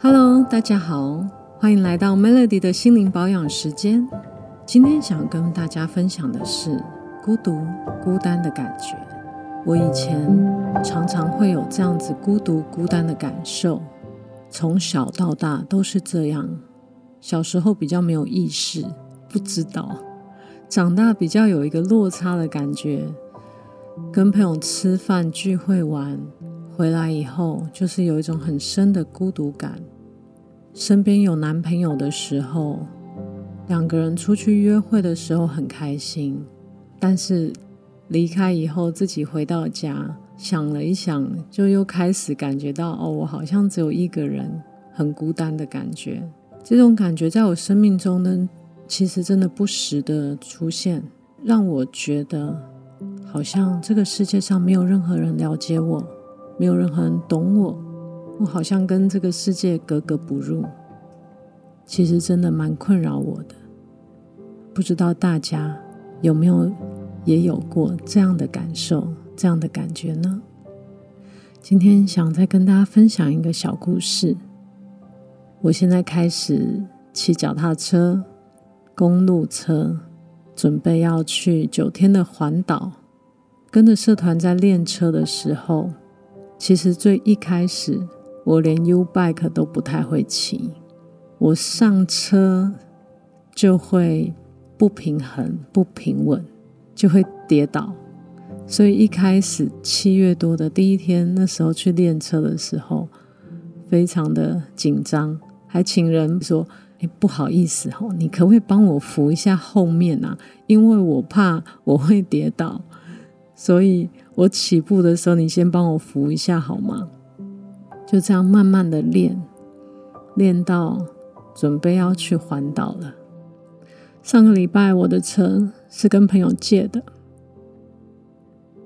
Hello，大家好，歡迎來到 Melody 的心靈保養時間。今天想跟大家分享的是孤獨、孤單的感覺。我以前常常會有這樣子孤獨、孤單的感受，從小到大都是這樣。小時候比較沒有意識，不知道；長大比較有一個落差的感覺，跟朋友吃飯、聚會、玩。回來以後，就是有一種很深的孤獨感。身邊有男朋友的時候，兩個人出去約會的時候很開心，但是離開以後，自己回到家，想了一想，就又開始感覺到哦，我好像只有一個人，很孤單的感覺。這種感覺在我生命中呢，其實真的不時的出現，讓我覺得好像這個世界上沒有任何人了解我。沒有任何人懂我，我好像跟這個世界格格不入。其實真的蠻困擾我的，不知道大家有沒有也有過這樣的感受、這樣的感覺呢？今天想再跟大家分享一個小故事。我現在開始騎腳踏車、公路車，準備要去九天的環島，跟着社團在練車的時候。其實最一開始，我連 U bike 都不太會騎，我上車就會不平衡、不平穩，就會跌倒。所以一開始七月多的第一天，那時候去練車的時候，非常的緊張，還請人說：“哎，不好意思吼，你可不可以幫我扶一下後面啊？因為我怕我會跌倒。”所以我起步的時候，你先幫我扶一下好嗎？就這樣慢慢的練，練到準備要去環島了。上個禮拜我的車是跟朋友借的，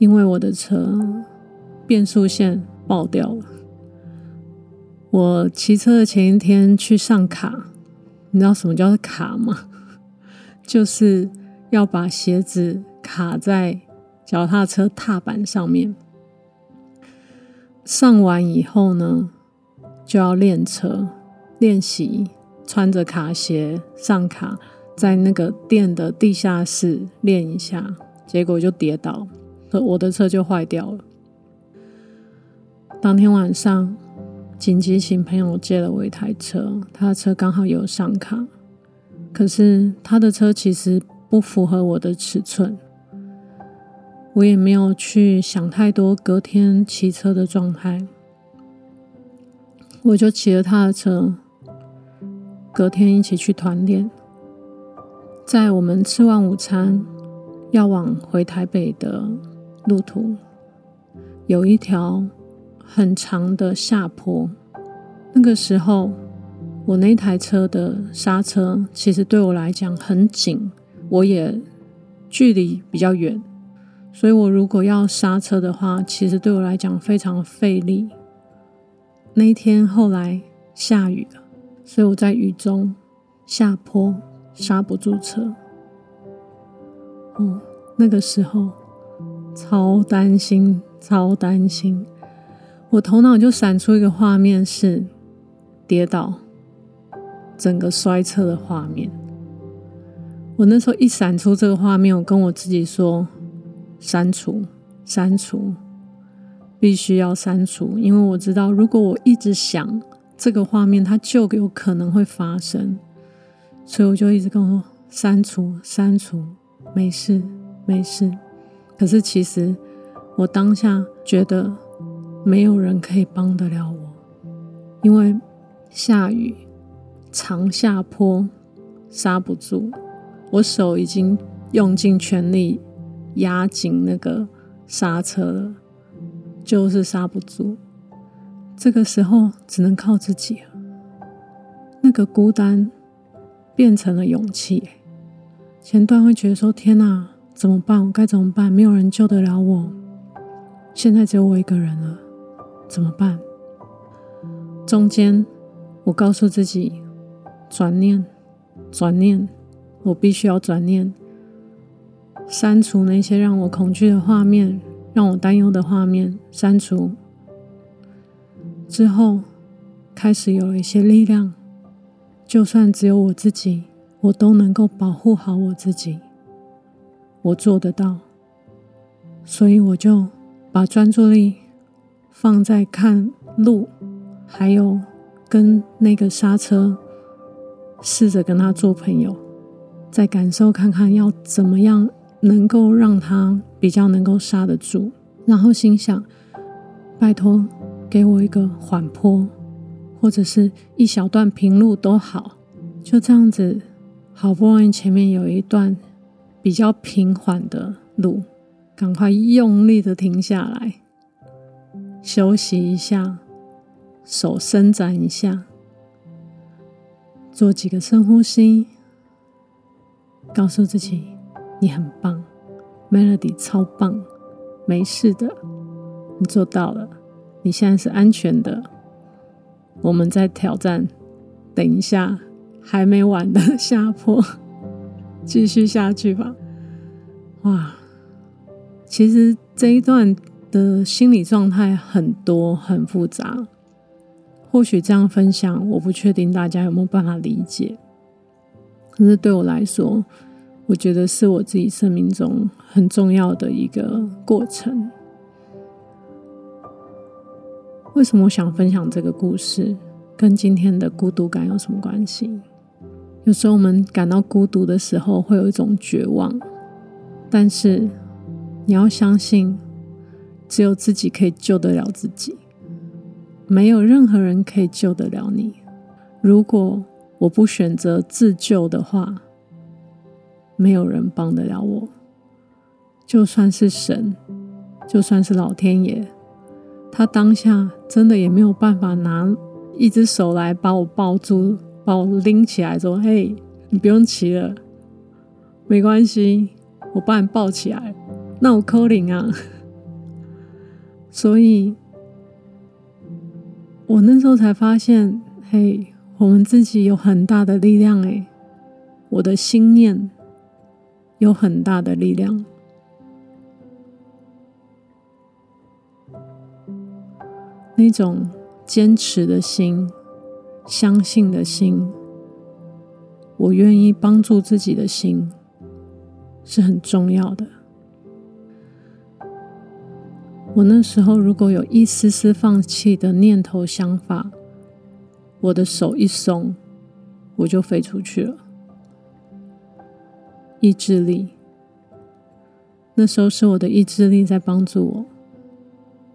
因為我的車變速線爆掉了。我騎車的前一天去上卡，你知道什麼叫做卡嗎？就是要把鞋子卡在。腳踏車踏板上面上完以後呢，就要練車練習，穿着卡鞋上卡，在那個店的地下室練一下，結果就跌倒，我的車就壞掉了。當天晚上，緊急請朋友借了我一台車，他的車剛好有上卡，可是他的車其實不符合我的尺寸。我也沒有去想太多，隔天騎車的狀態，我就騎了他的車，隔天一起去團練。在我們吃完午餐要往回台北的路途，有一條很長的下坡。那個時候，我那台車的剎車其實對我來講很緊，我也距離比較遠。所以我如果要剎車的話，其實對我來講非常費力。那一天後來下雨了，所以我在雨中下坡剎不住車。嗯，那個時候超擔心，超擔心。我頭腦就閃出一個畫面是跌倒，整個摔車的畫面。我那時候一閃出這個畫面，我跟我自己說。刪除，刪除，必須要刪除。因為我知道，如果我一直想這個畫面，它就有可能會發生。所以我就一直跟我說：“刪除，刪除，沒事，沒事。”可是其實我當下覺得沒有人可以幫得了我，因為下雨，長下坡，剎不住，我手已經用盡全力。壓緊那個剎車了，就是剎不住。這個時候只能靠自己了。那個孤單變成了勇氣。前段會覺得說：“天哪，怎麼辦？我該怎麼辦？沒有人救得了我。現在只有我一個人了，怎麼辦？”中間，我告訴自己：轉念，轉念，我必須要轉念。刪除那些讓我恐懼的畫面，讓我擔憂的畫面。刪除之後，開始有了一些力量。就算只有我自己，我都能夠保護好我自己。我做得到，所以我就把專注力放在看路，還有跟那個剎車，試着跟他做朋友，再感受看看要怎麼樣。能夠讓他比較能夠剎得住，然後心想：拜託，給我一個緩坡，或者是一小段平路都好。就這樣子，好不容易前面有一段比較平緩的路，趕快用力的停下來，休息一下，手伸展一下，做幾個深呼吸，告訴自己。你很棒，Melody 超棒，沒事的，你做到了，你現在是安全的。我們在挑戰，等一下還沒完的下坡，繼續下去吧。哇，其實這一段的心理狀態很多很複雜，或許這樣分享，我不確定大家有沒有辦法理解。可是對我來說。我覺得是我自己生命中很重要的一個過程。為什麼我想分享這個故事，跟今天的孤獨感有什麼關係？有時候我們感到孤獨的時候，會有一種絕望。但是你要相信，只有自己可以救得了自己，沒有任何人可以救得了你。如果我不選擇自救的話，沒有人幫得了我，就算是神，就算是老天爺，他當下真的也沒有辦法拿一隻手來把我抱住，把我拎起來，說：“嘿、hey，你不用騎了，沒關係，我把你抱起來。”那我 calling 啊，所以我那時候才發現，嘿、hey，我們自己有很大的力量、欸，誒，我的心念。有很大的力量，那種堅持的心、相信的心、我願意幫助自己的心，是很重要的。我那時候如果有一絲絲放棄的念頭想法，我的手一鬆，我就飛出去了。意志力，那時候是我的意志力在幫助我，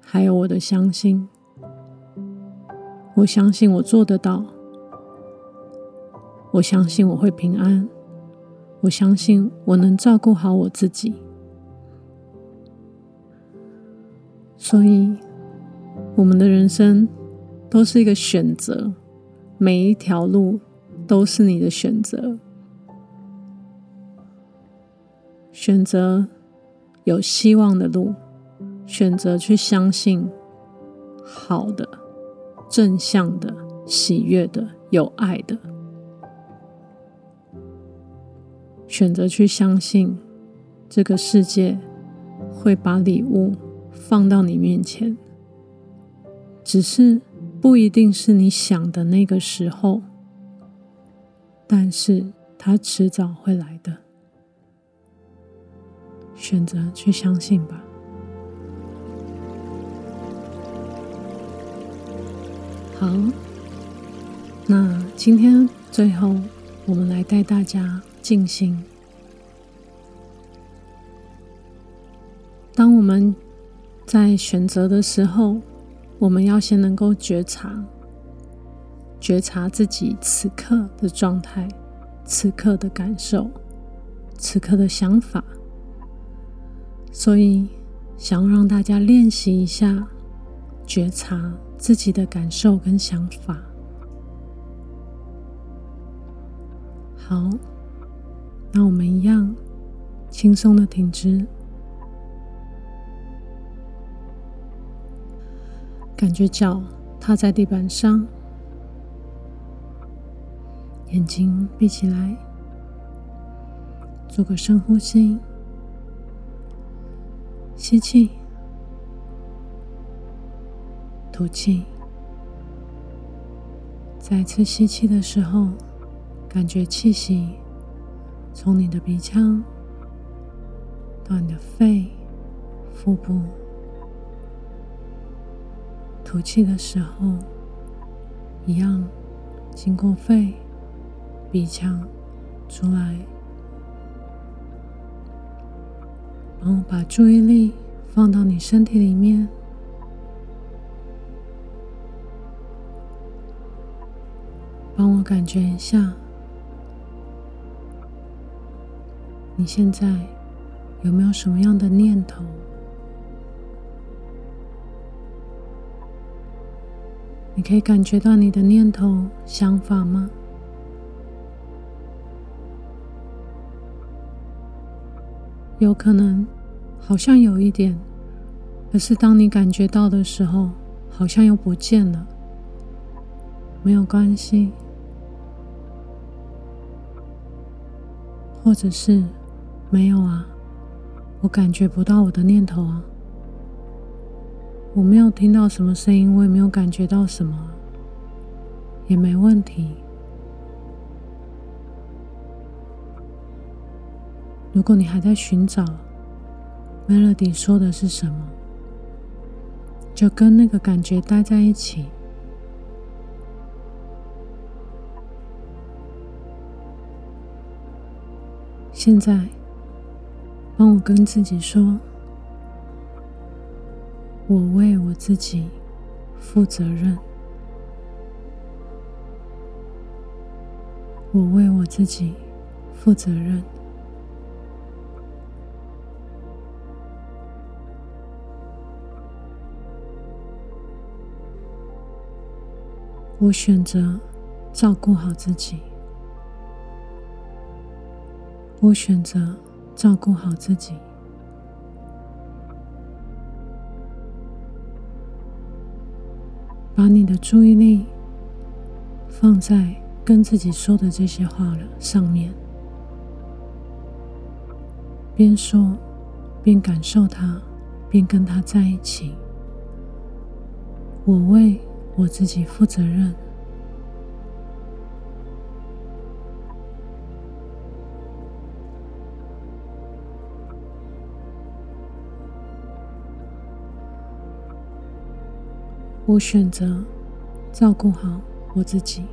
還有我的相信。我相信我做得到，我相信我會平安，我相信我能照顧好我自己。所以，我們的人生都是一個選擇，每一條路都是你的選擇。選擇有希望的路，選擇去相信好的、正向的、喜悅的、有愛的，選擇去相信這個世界會把禮物放到你面前，只是不一定是你想的那個時候，但是它遲早會來的。選擇去相信吧。好，那今天最後，我們來帶大家靜心。當我們在選擇的時候，我們要先能夠覺察，覺察自己此刻的狀態、此刻的感受、此刻的想法。所以，想讓大家練習一下覺察自己的感受跟想法。好，那我們一樣輕鬆的挺直，感覺腳踏在地板上，眼睛閉起來，做個深呼吸。吸氣，吐氣。再次吸氣的時候，感覺氣息從你的鼻腔到你的肺、腹部。吐氣的時候，一樣經過肺、鼻腔出來。然後把注意力放到你身體裡面，幫我感覺一下，你現在有沒有什麼樣的念頭？你可以感覺到你的念頭、想法嗎？有可能，好像有一點，可是當你感覺到的時候，好像又不見了。沒有關係，或者是沒有啊，我感覺不到我的念頭啊，我沒有聽到什麼聲音，我也沒有感覺到什麼，也沒問題。如果你還在尋找 Melody 說的是什麼，就跟那個感覺待在一起。現在，幫我跟自己說：“我為我自己負責任。”我為我自己負責任。我選擇照顧好自己。我選擇照顧好自己。把你的注意力放在跟自己說的這些話了上面，邊說邊感受它，邊跟它在一起。我為。我自己負責任，我選擇照顧好我自己，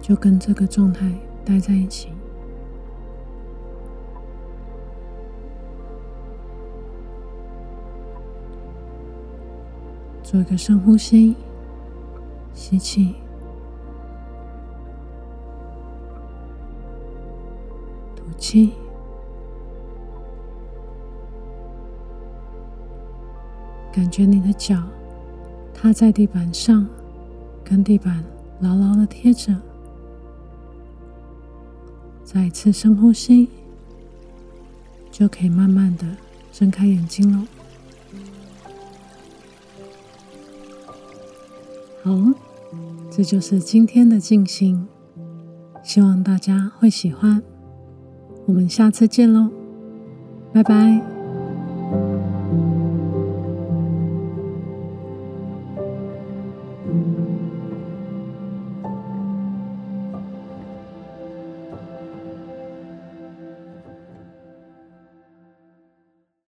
就跟這個狀態。待在一起，做一個深呼吸，吸氣，吐氣，感覺你的腳踏在地板上，跟地板牢牢的貼着。再次深呼吸，就可以慢慢的睜開眼睛了。好，這就是今天的靜心，希望大家會喜歡。我們下次見嘍，拜拜。